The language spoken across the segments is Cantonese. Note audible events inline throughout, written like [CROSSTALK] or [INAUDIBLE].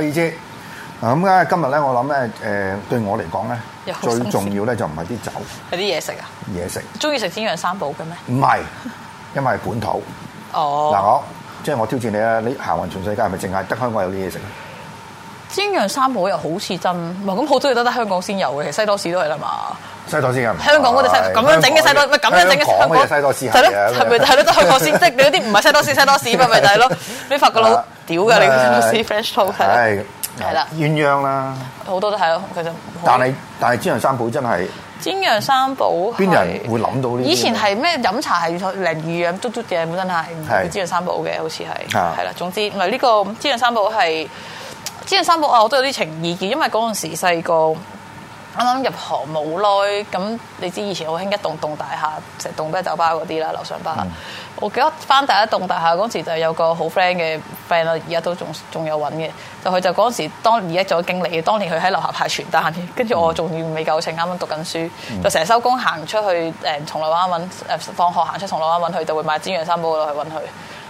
你知，嗱咁啊今日咧，我諗咧，誒對我嚟講咧，最重要咧就唔係啲酒，係啲嘢食啊，嘢食。中意食煎釀三寶嘅咩？唔係，因為係本土。哦。嗱我，即係我挑戰你啊！你行勻全世界，係咪淨係得香港有啲嘢食？煎釀三寶又好似真，咁好，多嘢都得香港先有嘅，其實西多士都係啦嘛。西多士啊？香港嗰啲西，咁樣整嘅西多，咪咁樣整嘅香港西多士，係咯，係咪？係咯，都去過先。即係你嗰啲唔係西多士，西多士咪咪就係咯，你發覺咯。屌㗎、嗯、你講啲 French toast 係係啦，鴛鴦啦，好多都係咯，其實但係但係，煎釀三寶真係煎釀三寶邊人會諗到呢？以前係咩飲茶係鯪魚咁篤篤嘅，本身係煎釀三寶嘅，好似係係啦。的總之，原來呢個煎釀三寶係煎釀三寶啊！我都有啲情意嘅，因為嗰陣時細個啱啱入行冇耐，咁你知以前好興一棟棟大廈，成棟都係酒吧嗰啲啦，樓上吧。我記得翻第一棟大廈嗰時就有個好 friend 嘅 friend 啦，而家都仲仲有揾嘅。就佢就嗰時當而家做經理嘅，當年佢喺樓下派傳單，跟住我仲要未夠秤，啱啱讀緊書，就成日收工行出去誒，銅鑼灣揾，放學行出銅鑼灣揾佢，就會買煎釀三寶落去揾佢，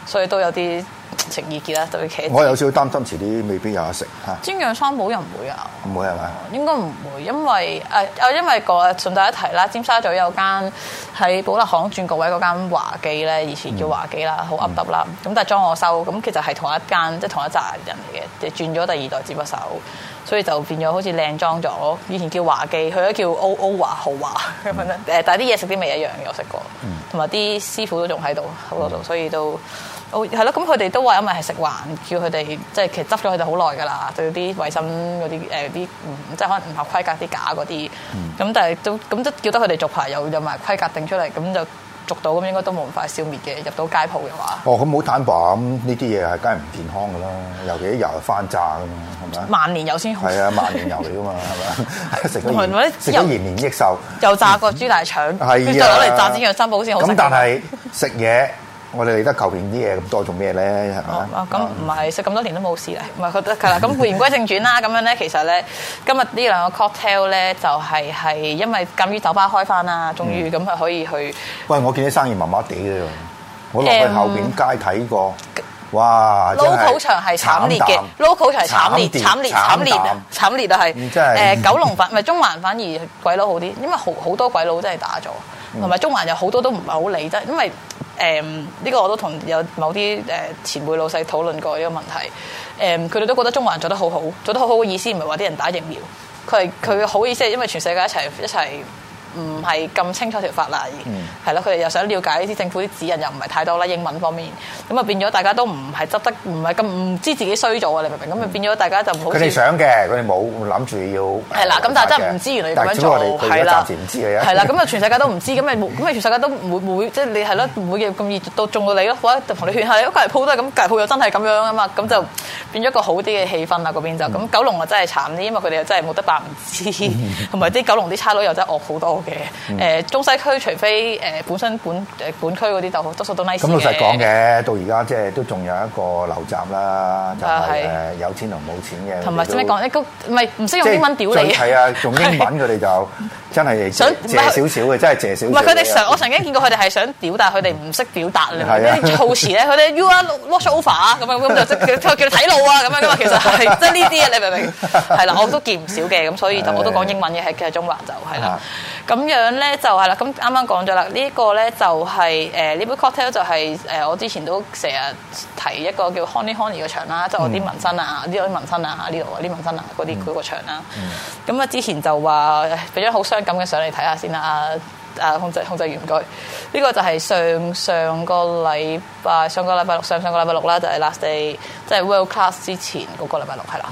所以都有啲。情意結啦，特別我有少少擔心，遲啲未必有得食嚇。煎釀三寶又唔會啊？唔會係嘛？應該唔會，因為誒誒、呃，因為個順帶一提啦，尖沙咀有一間喺寶立行轉角位嗰間華記咧，以前叫華記啦，好噏耷啦。咁但係裝我收，咁其實係同一間即係同一扎人嚟嘅，就轉咗第二代接我手，所以就變咗好似靚裝咗。以前叫華記，佢而家叫歐歐華豪華咁樣誒，嗯、但係啲嘢食啲咪一樣，有食過。同埋啲師傅都仲喺度，好多度，所以都。哦，係咯，咁佢哋都話，因為係食環叫佢哋，即係其實執咗佢哋好耐㗎啦，對啲衞生嗰啲誒啲，即係、呃、可能唔合規格啲假嗰啲，咁、嗯、但係都咁即叫得佢哋續牌，又入埋規格定出嚟，咁就續到，咁應該都冇咁快消滅嘅，入到街鋪嘅話。哦，咁好坦白，咁呢啲嘢係梗係唔健康㗎啦，尤其啲油係翻炸㗎嘛，係咪啊？萬年油先好係啊，萬年油嚟㗎嘛，係咪食得延年益壽？又炸個豬大腸，跟住攞嚟炸啲煎釀三寶先好是 [LAUGHS] 食。咁但係食嘢。我哋嚟得求便啲嘢咁多，做咩咧？係咁唔係食咁多年都冇事啦，唔係覺得㗎啦。咁言歸正傳啦，咁樣咧，其實咧，今日呢兩個 cocktail 咧，就係係因為鑑於酒吧開翻啦，終於咁啊可以去。喂，我見啲生意麻麻地嘅，我落去後邊街睇過。哇！local 場係慘烈嘅，local 場係慘烈、慘烈、慘烈、慘烈都係。真係。誒，九龍粉唔係中環反而鬼佬好啲，因為好好多鬼佬真係打咗，同埋中環有好多都唔係好理得。因為。誒，呢個我都同有某啲誒、前輩老細討論過呢個問題。誒，佢哋都覺得中華人做得好好，做得好好嘅意思唔係話啲人打疫苗，佢係佢好意思係因為全世界一齊一齊。唔係咁清楚條法例，係咯、嗯，佢哋又想了解呢啲政府啲指引，又唔係太多啦。英文方面，咁啊變咗大家都唔係執得，唔係咁唔知自己衰咗啊！你明唔明？咁啊變咗大家就唔好。佢哋想嘅，佢哋冇諗住要係啦。咁了但係真係唔知原來要咁做，係啦，暫時唔知啦，咁啊了全世界都唔知，咁咪咁咪全世界都唔會唔了了會即係你係咯，唔 [LAUGHS] 會嘅咁易到中到你咯，或者就同你勸下。咯，隔離鋪都係咁，隔離鋪又真係咁樣啊嘛，咁就變咗一個好啲嘅氣氛啦嗰、嗯、邊就咁。九龍啊真係慘啲，因為佢哋又真係冇得扮唔知，同埋啲九龍啲差佬又真係惡好多。嘅誒中西區，除非誒本身本誒本區嗰啲就好，多數都 nice 嘅。咁老實講嘅，到而家即係都仲有一個陋習啦，就係誒有錢同冇錢嘅。同埋點講？一個唔係唔識用英文屌你嘅。即係再係啊，用英文佢哋就真係想借少少嘅，真係借少。唔係佢哋成我曾經見過佢哋係想屌，但係佢哋唔識表達啦。係啊，措辭咧，佢哋用啊 watch over 啊，咁啊咁就即係叫佢叫佢睇路啊，咁啊咁啊，其實係即係呢啲嘢，你明唔明？係啦，我都見唔少嘅，咁所以就我都講英文嘅，係嘅，係中環就係啦。咁樣咧就係啦，咁啱啱講咗啦，呢、這個咧就係誒呢杯 cocktail 就係、是、誒、呃、我之前都成日提一個叫 Honey Honey 嘅場啦，即係、嗯、我啲紋身啊，呢我啲紋身啊呢度啊，啲紋身啊嗰啲嗰個場啦。咁啊、嗯、之前就話俾咗好傷感嘅相你睇下先啦。誒控制控制語句，呢、這個就係上上個禮拜，上個禮拜六，上上個禮拜六啦，就係、是、last day，即係 world class 之前嗰個禮拜六係啦。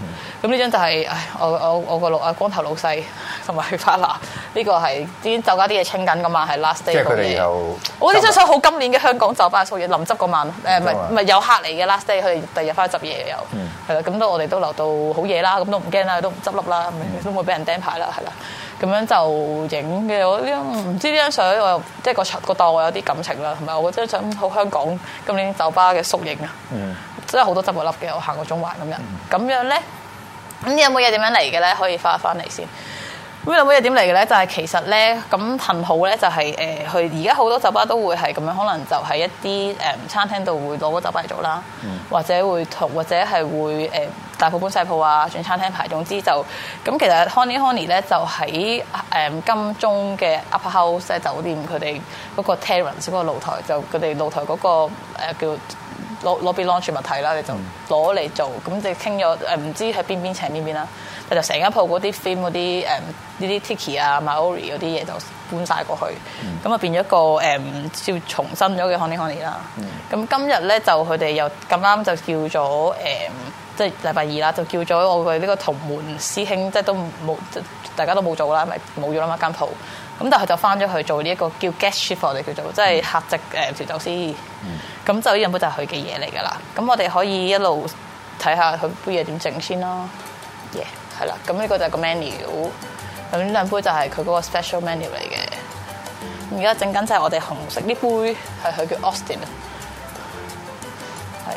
咁呢、嗯、張就係、是、我我我個老啊光頭老細同埋許花娜，呢、這個係啲酒家啲嘢清緊嘅嘛，係 last day 嗰啲。有我呢張相好今年嘅香港酒吧掃嘢臨執嗰晚誒，唔係唔係有客嚟嘅 last day，佢哋第日翻去執嘢又係啦。咁都、嗯、我哋都留到好嘢啦，咁都唔驚啦，都唔執笠啦，嗯、都唔會俾人釘牌啦，係啦。咁樣就影嘅，我呢？唔知呢張相我又即係個場個檔我有啲感情啦，同埋我覺得張相好香港今年酒吧嘅縮影啊，嗯、真係好多執笠嘅，我行過中環咁、嗯、樣呢，咁樣咧咁有冇嘢點樣嚟嘅咧？可以翻翻嚟先。咁有冇嘢點嚟嘅咧？就係、是、其實咧，咁幸好咧、就是，就係誒，佢而家好多酒吧都會係咁樣，可能就喺一啲誒、呃、餐廳度會攞個酒吧嚟做啦、嗯，或者會同或者係會大鋪搬細鋪啊，轉餐廳牌，總之就咁。其實 Honey Honey 咧，就喺、嗯、金鐘嘅 Upper House 酒店，佢哋嗰個 Terrace 嗰個露台，就佢哋露台嗰、嗰個、呃、叫攞攞啲 Launch 物體啦，你就攞嚟做。咁、嗯、就傾咗唔知喺邊邊請邊邊啦。但就成間鋪嗰啲 film 嗰啲呢啲、嗯、Tiki 啊、Maori 嗰啲嘢，就搬晒過去。咁啊、嗯、變咗一個誒、嗯、要重新咗嘅 Honey Honey 啦、嗯。咁今日咧就佢哋又咁啱就叫咗即係禮拜二啦，就叫咗我嘅呢個同門師兄，即係都冇，大家都冇做啦，咪冇咗啦嘛間鋪。咁但係佢就翻咗去做呢、這、一個叫 guest shift 我哋叫做，即係客席誒調酒師。咁、嗯、就呢兩杯就係佢嘅嘢嚟㗎啦。咁我哋可以一路睇下佢杯嘢點整先耶，係啦、嗯，咁呢個就係個 menu。咁呢兩杯就係佢嗰個 special menu 嚟嘅。而家整緊就係我哋紅色呢杯係佢叫 Austin。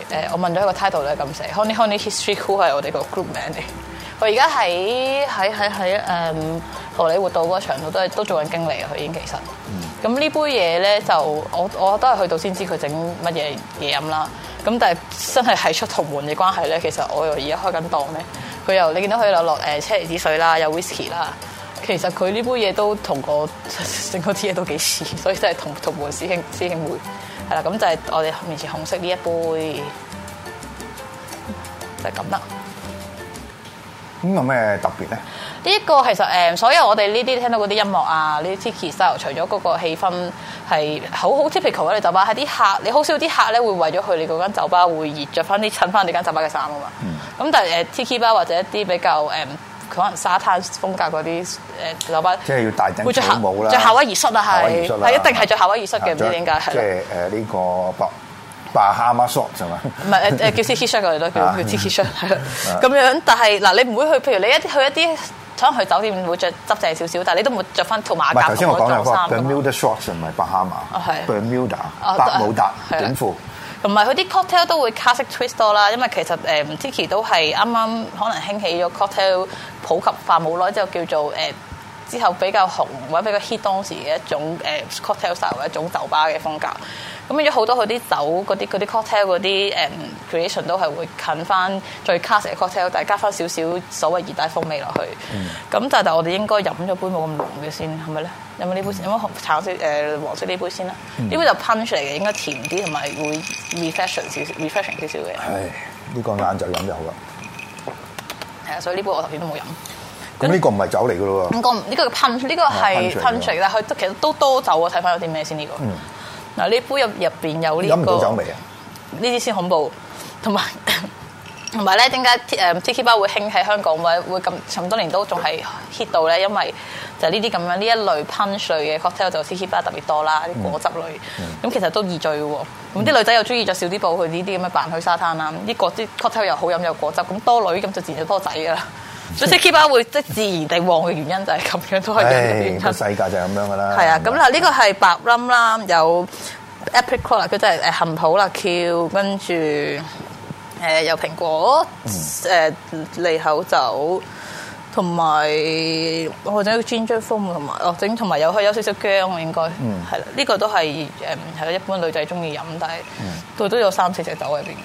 誒，我問咗一個 title 咧，咁寫，Honey Honey History Cool 係我哋個 group 名嚟。佢而家喺喺喺喺誒荷里活道嗰場度都係都做緊經理啊，佢已經其實。咁呢杯嘢咧就我我都係去到先知佢整乜嘢嘢飲啦。咁但係真係係出同門嘅關係咧，其實我現在在又而家開緊檔咧。佢又你見到佢落落誒車厘子水啦，有 whisky 啦。其實佢呢杯嘢都同我整嗰啲嘢都幾似，所以真係同同門師兄師兄妹。係啦，咁就係我哋面前紅色呢一杯，就係咁啦。咁有咩特別咧？呢一個其實誒，所有我哋呢啲聽到嗰啲音樂啊，呢啲 Tiki style，除咗嗰個氣氛係好好 typical 你嘅酒吧，喺啲客你好少啲客咧會為咗去你嗰間酒吧會着翻啲襯翻你間酒吧嘅衫啊嘛。咁但係誒 Tiki 吧，或者一啲比較誒。佢可能沙灘風格嗰啲誒打扮，即係要大着短褲啦，着夏威夷恤啊，係係一定係着夏威夷恤嘅，唔知點解。即係誒呢個白，白哈馬 short 係嘛？唔係誒叫 Tiki shirt 過嚟咯，叫叫 Tiki shirt 咁樣。但係嗱，你唔會去，譬如你一去一啲可能去酒店會着執正少少，但係你都唔會着翻套馬甲。唔係頭先我講有個 Bermuda shorts，唔係白哈馬，係 Bermuda 百慕達短褲。同埋佢啲 cocktail 都會 classic twist 多啦，因為其實誒 Tiki 都係啱啱可能興起咗 cocktail。普及化冇耐之後叫做誒，之後比較紅或者比較 hit 當時嘅一種誒 cocktail 或者一種酒吧嘅風格。咁有好多佢啲酒、嗰啲啲 cocktail、嗰啲誒 creation 都係會近翻最 classic 嘅 cocktail，但係加翻少少所謂熱帶風味落去。咁、嗯、但係我哋應該飲咗杯冇咁濃嘅先，係咪咧？有冇呢杯先，有冇橙色誒、呃、黃色呢杯先啦。呢、嗯、杯就 punch 嚟嘅，應該甜啲同埋會 refreshing 少少，refreshing 少少嘅。係呢個眼就飲就好啦。所以呢杯我頭先都冇飲，咁、呢、呢個唔係酒嚟嘅喎。呢個唔呢個噴，呢、呢個係噴出嚟，但係佢都其實都多酒啊！睇翻有啲咩先呢個。嗱呢杯入入邊有呢個，飲唔到酒味啊！呢啲先恐怖，同埋。同埋咧，點解誒 Tiki Bar 會興喺香港會，或者會咁咁多年都仲係 hit 到咧？因為就呢啲咁樣呢一類 punch 類嘅 cocktail 就 Tiki Bar 特別多啦，啲果汁類。咁、嗯、其實都易醉喎。咁啲、嗯、女仔又中意著少啲布去呢啲咁嘅扮去沙灘啦。啲果啲 cocktail 又好飲又果汁，咁多女咁就自然多仔噶啦。所以 Tiki Bar 會即係自然地旺嘅原因就係咁樣都可以。唉，世個世界就係咁樣噶啦。係啊，咁嗱，呢個係白冧啦，有 e p i c cola，佢、就、真、是、係誒、嗯、含普啦，Q 跟住。誒有蘋果，誒利口酒，同埋或者有 ginger foam，同埋或者同埋有可以有少少薑嘅應該點點 am,、嗯，啦、這個，呢個都係誒係一般女仔中意飲，但係佢都有三四隻酒喺入邊嘅，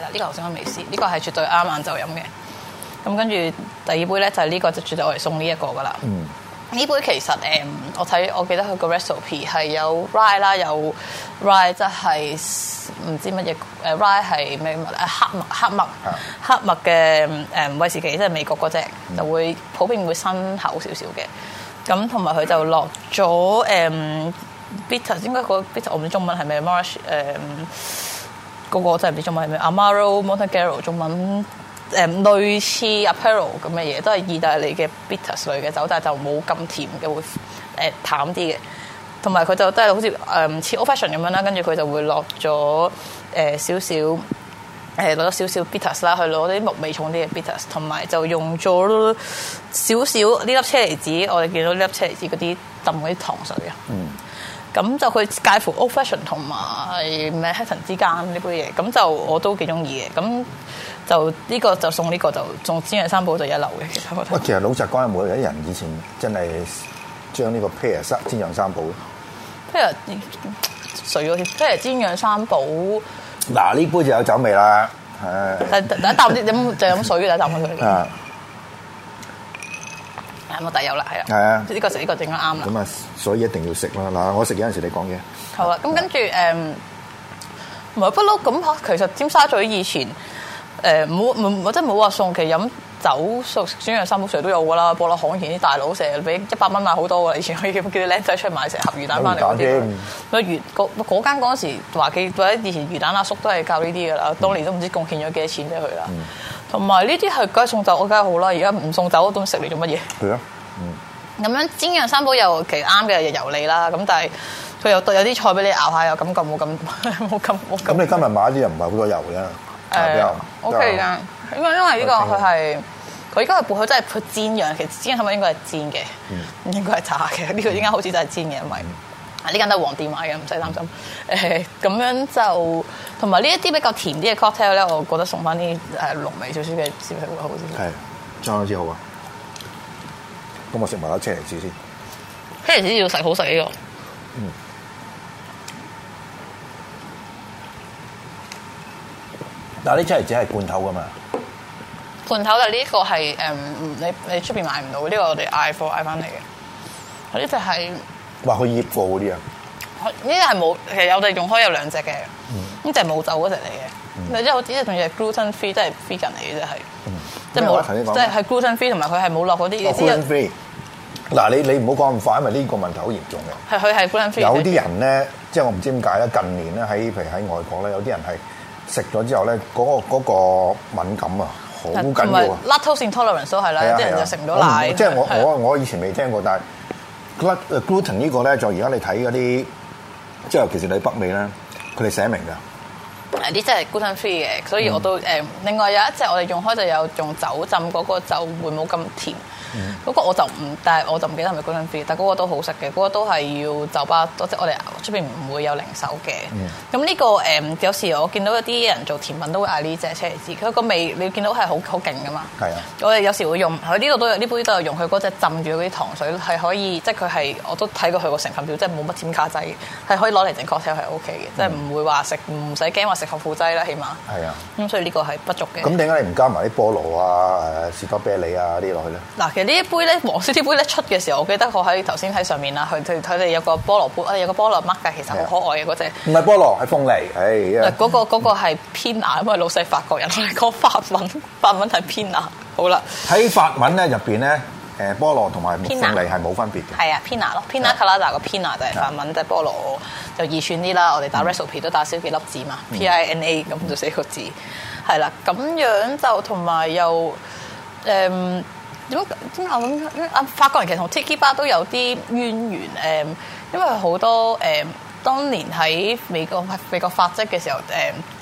啦，呢個頭先我未試，呢、這個係絕對啱晏晝飲嘅。咁跟住第二杯咧就係呢、這個，就絕對我嚟送呢一個噶啦。呢、嗯、杯其實誒。我睇我記得佢個 recipe 係有 rye 啦，有 rye 即係唔知乜嘢誒 rye 係咩物，誒黑麥黑麥黑麥嘅誒威士忌，即係美國嗰隻就會普遍會新厚少少嘅。咁同埋佢就落咗誒、嗯、bitter，應該個 bitter 我唔知中文係咩 marsh 誒、嗯、嗰、那個真係唔知中文係咩 amaro monte garo 中文誒、嗯、類似 apero 咁嘅嘢，都係意大利嘅 bitter 類嘅酒，但係就冇咁甜嘅會。誒淡啲嘅，同埋佢就真係好似誒似 old fashion 咁樣啦，跟住佢就會落咗誒少少誒落咗少少 bitters 啦，去攞啲木味重啲嘅 bitters 同埋就用咗少少呢粒車厘子，我哋見到呢粒車厘子嗰啲浸嗰啲糖水啊，嗯，咁就佢介乎 old fashion 同埋咩 Manhattan 之間呢杯嘢，咁就我都幾中意嘅，咁就呢、這個就送呢個就仲煎釀三寶就一流嘅，其實我覺得。喂，其實老實講每人以前真係。將呢個 p e a r 三煎釀三寶 p e a r 水嗰啲，pair 煎釀三寶。嗱呢杯就有酒味啦，係是。但一啖啲就飲水嘅，一啖佢。啊，冇大油啦，係啊。係啊，呢個食呢個整得啱啦。咁啊，所以一定要食啦。嗱，我食有陣時候你講嘢。好了啊，咁跟住誒，唔係不嬲咁其實尖沙咀以前唔好，冇即係冇話送其飲。走熟煎釀三寶成日都有噶啦，波粒行以前啲大佬成日俾一百蚊買好多噶啦、um，以前可以叫啲僆仔出嚟買成盒魚蛋翻嚟嗰啲。咩魚？嗰嗰間嗰陣時華記以前魚蛋阿叔都係教呢啲噶啦，當、嗯、年都唔知貢獻咗幾多錢俾佢啦。同埋呢啲係梗係送酒，梗係好啦。而家唔送酒都食嚟做乜嘢？係啊。咁樣煎釀三寶又其實啱嘅，又油膩啦。咁但係佢又帶有啲菜俾你咬下、哦，又感咁冇咁冇咁。咁你今日買啲又唔係好多油嘅。誒，OK 嘅。因為因為呢個佢係佢依家佢佢真係佢煎釀。其實煎咪應該係煎嘅，唔、嗯、應該係炸嘅。呢個應該好似都係煎嘅，因為啊呢、嗯、間都係黃店買嘅，唔使擔心。誒、嗯、咁樣就同埋呢一啲比較甜啲嘅 cocktail 咧，我覺得送翻啲誒濃味少少嘅小食會好啲。係裝得之好啊！咁我食埋啲車釐子先。車釐子要食，好食呢個。嗯、但係啲車釐子係罐頭㗎嘛？罐頭就呢、呢個係、嗯、你你出邊買唔到嘅，呢、呢個我哋嗌貨嗌翻嚟嘅。呢啲就係話佢熱貨嗰啲啊，呢啲係冇，其實我哋用開有兩隻嘅，呢、嗯、就係冇走嗰隻嚟嘅。但係即係嘅，仲要係 gluten free，都係 vegan 嚟嘅，啫，係即係冇，即 gluten free 同埋佢係冇落嗰啲嘢。gluten free。嗱，你你唔好講咁快，因為呢個問題好嚴重嘅。佢有啲人咧，即係對我唔知點解咧，近年咧喺譬如喺外國咧，有啲人係食咗之後咧，嗰、嗰個嗰、嗰個敏感啊。好緊要啊！唔係 lactose intolerance 都係啦，有啲的的人就食唔到奶。即係我我我以前未聽過，的但係 gl、uh, gluten 呢、這個咧，就而家你睇嗰啲即係尤其是喺北美咧，佢哋寫明㗎。呢隻係 gluten free 嘅，所以我都誒。嗯、另外有一隻我哋用開就有用酒浸嗰個酒，會冇咁甜。嗰、嗯、個我就唔，但係我就唔記得係咪高 e B，但係嗰個都好食嘅，嗰、那個都係要酒吧，即係我哋出邊唔會有零售嘅。咁呢、嗯這個誒、嗯，有時我見到一啲人做甜品都會嗌呢隻車釐子，佢個味你見到係好好勁噶嘛。係啊，我哋有時會用，佢呢度都有，呢杯都有用。佢嗰隻浸住嗰啲糖水係可以，即係佢係我都睇過佢個成分表，即係冇乜添加劑，係可以攞嚟整 cocktail 係 OK 嘅，嗯、即係唔會話食唔使驚話食防腐劑啦，起碼係啊。咁所以呢個係不足嘅。咁點解你唔加埋啲菠蘿啊、士多啤梨啊啲落去咧？嗱。呢一杯咧，黃色啲杯咧出嘅時候，我記得我喺頭先喺上面啊。佢佢佢哋有個菠蘿杯，啊有個菠蘿乜嘅，其實好可愛嘅嗰隻，唔係菠蘿係鳳梨，唉、哎呀 嗰個，嗰、嗰個嗰係 Pina，因為老細法國人，我哋講法文，法文係 Pina，好啦，喺法文咧入邊咧，誒菠蘿同埋鳳梨係冇分別嘅，係啊 Pina 咯，Pina 克拉達個 Pina 就係法文，的就係菠蘿就易算啲啦，我哋打 recipe、嗯、都打少幾粒字嘛，P I N A 咁就四個字，係啦，咁樣就同埋又誒點、嗯咁啊咁啊！法國人其實同 Tiki bar 都有啲淵源誒，因為好多誒當年喺美國美國發跡嘅時候誒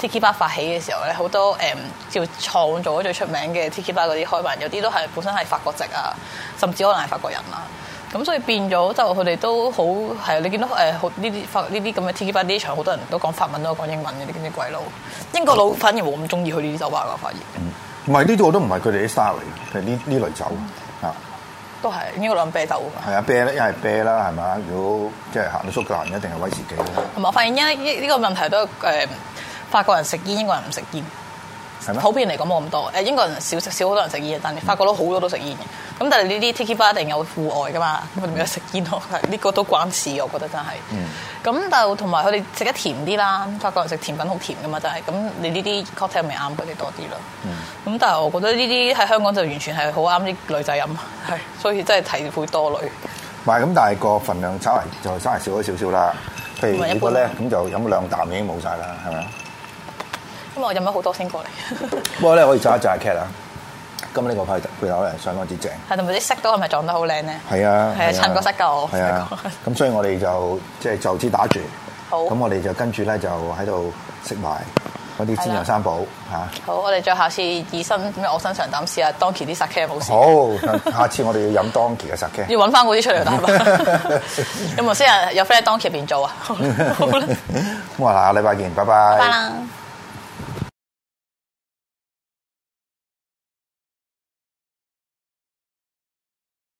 ，Tiki bar 發起嘅時候咧，好多誒叫創造咗最出名嘅 Tiki bar 嗰啲開辦，有啲都係本身係法國籍啊，甚至可能係法國人啦。咁所以變咗就佢哋都好係你見到誒呢啲法呢啲咁嘅 Tiki bar 啲場，好多人都講法文都講英文嘅啲啲鬼佬，英國佬反而冇咁中意去呢啲酒吧㗎，發現、嗯。唔係呢度都唔係佢哋啲 Star 嚟嘅，係呢呢類酒。嗯都係應該諗啤酒㗎。係啊，啤咧，一係啤啦，係咪啊？如果即係行到蘇格蘭，一定係威士忌。同埋，發現現依呢個問題都誒、呃，法國人食煙，英國人唔食煙。普遍嚟講冇咁多，誒英國人少食少，好多人食煙嘅，但係法國佬好多都食煙嘅。咁但係呢啲 Tiki Bar 一定有戶外㗎嘛，咁佢哋咪食煙咯。呢個都關事，我覺得真係。咁就同埋佢哋食得甜啲啦，法國人食甜品好甜㗎嘛，就係。咁你呢啲 cocktail 咪啱佢哋多啲咯。咁、嗯、但係我覺得呢啲喺香港就完全係好啱啲女仔飲，係所以真係體會多女。係咁，但係個份量差嚟就差嚟少咗少少啦。譬如如果咧，咁就飲兩啖已經冇晒啦，係咪啊？咁我飲咗好多先過嚟，不過咧可以揸一揸劇啦。今呢個批佢又係相當之正，係同埋啲色都係咪撞得好靚咧？係啊，係啊，襯個色夠。係啊，咁、啊、所以我哋就即係就此打住。好，咁我哋就跟住咧就喺度食埋嗰啲煎釀三寶吓。好，我哋再下次以身咩我身上膽試下 Donki 啲 Sake 有冇事？好，下次我哋要飲 Donki 嘅 Sake。S 要揾翻嗰啲出嚟打有冇先啊？有 friend 喺 Donki 入邊做啊？好啦，咁我下禮拜見，拜拜。拜啦。